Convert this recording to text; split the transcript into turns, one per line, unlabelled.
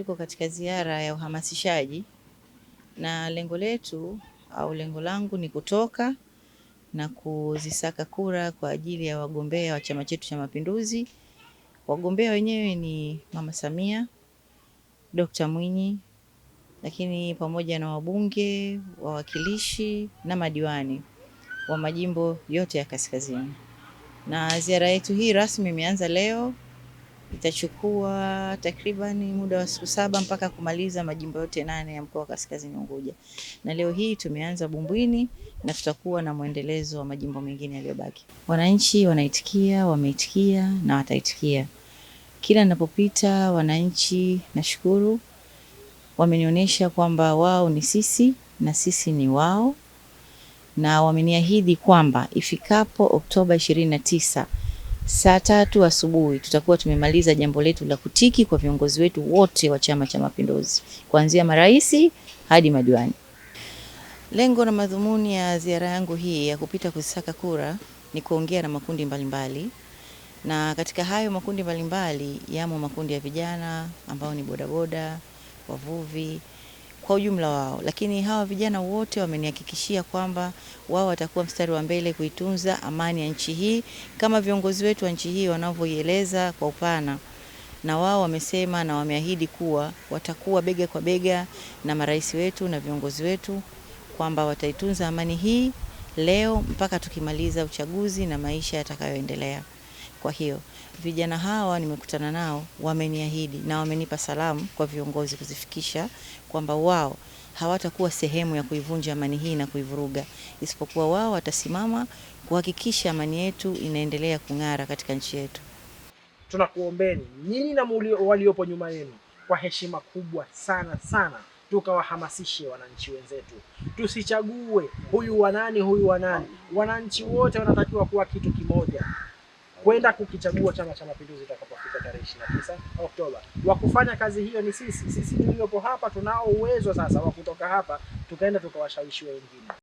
tuko katika ziara ya uhamasishaji na lengo letu au lengo langu ni kutoka na kuzisaka kura kwa ajili ya wagombea wa chama chetu cha Mapinduzi. Wagombea wenyewe ni Mama Samia, Dkt. Mwinyi, lakini pamoja na wabunge, wawakilishi na madiwani wa majimbo yote ya kaskazini. Na ziara yetu hii rasmi imeanza leo itachukua takribani muda wa siku saba mpaka kumaliza majimbo yote nane ya mkoa wa Kaskazini Unguja, na leo hii tumeanza Bumbwini na tutakuwa na mwendelezo wa majimbo mengine yaliyobaki. Wananchi wanaitikia, wameitikia na wataitikia. Kila ninapopita wananchi, nashukuru wamenionyesha kwamba wao ni sisi na sisi ni wao, na wameniahidi kwamba ifikapo Oktoba ishirini na tisa Saa tatu asubuhi tutakuwa tumemaliza jambo letu la kutiki kwa viongozi wetu wote wa Chama cha Mapinduzi, kuanzia marais hadi madiwani. Lengo na madhumuni ya ziara yangu hii ya kupita kuzisaka kura ni kuongea na makundi mbalimbali mbali. Na katika hayo makundi mbalimbali yamo makundi ya vijana ambao ni bodaboda, wavuvi kwa ujumla wao, lakini hawa vijana wote wamenihakikishia kwamba wao watakuwa mstari wa mbele kuitunza amani ya nchi hii kama viongozi wetu wa nchi hii wanavyoieleza kwa upana na wao wamesema na wameahidi kuwa watakuwa bega kwa bega na marais wetu na viongozi wetu kwamba wataitunza amani hii leo mpaka tukimaliza uchaguzi na maisha yatakayoendelea. Kwa hiyo vijana hawa nimekutana nao, wameniahidi na wamenipa salamu kwa viongozi kuzifikisha kwamba wao hawatakuwa sehemu ya kuivunja amani hii na kuivuruga, isipokuwa wao watasimama kuhakikisha amani yetu inaendelea kung'ara katika nchi yetu.
Tunakuombeni nyinyi na waliopo nyuma yenu kwa heshima kubwa sana sana, tukawahamasishe wananchi wenzetu, tusichague huyu wanani huyu wanani. Wananchi wote wanatakiwa kuwa kitu kimoja kwenda kukichagua Chama cha Mapinduzi itakapofika tarehe ishirini na tisa Oktoba. Wa kufanya kazi hiyo ni sisi. Sisi tuliopo hapa tunao uwezo sasa wa kutoka hapa tukaenda tukawashawishi wengine.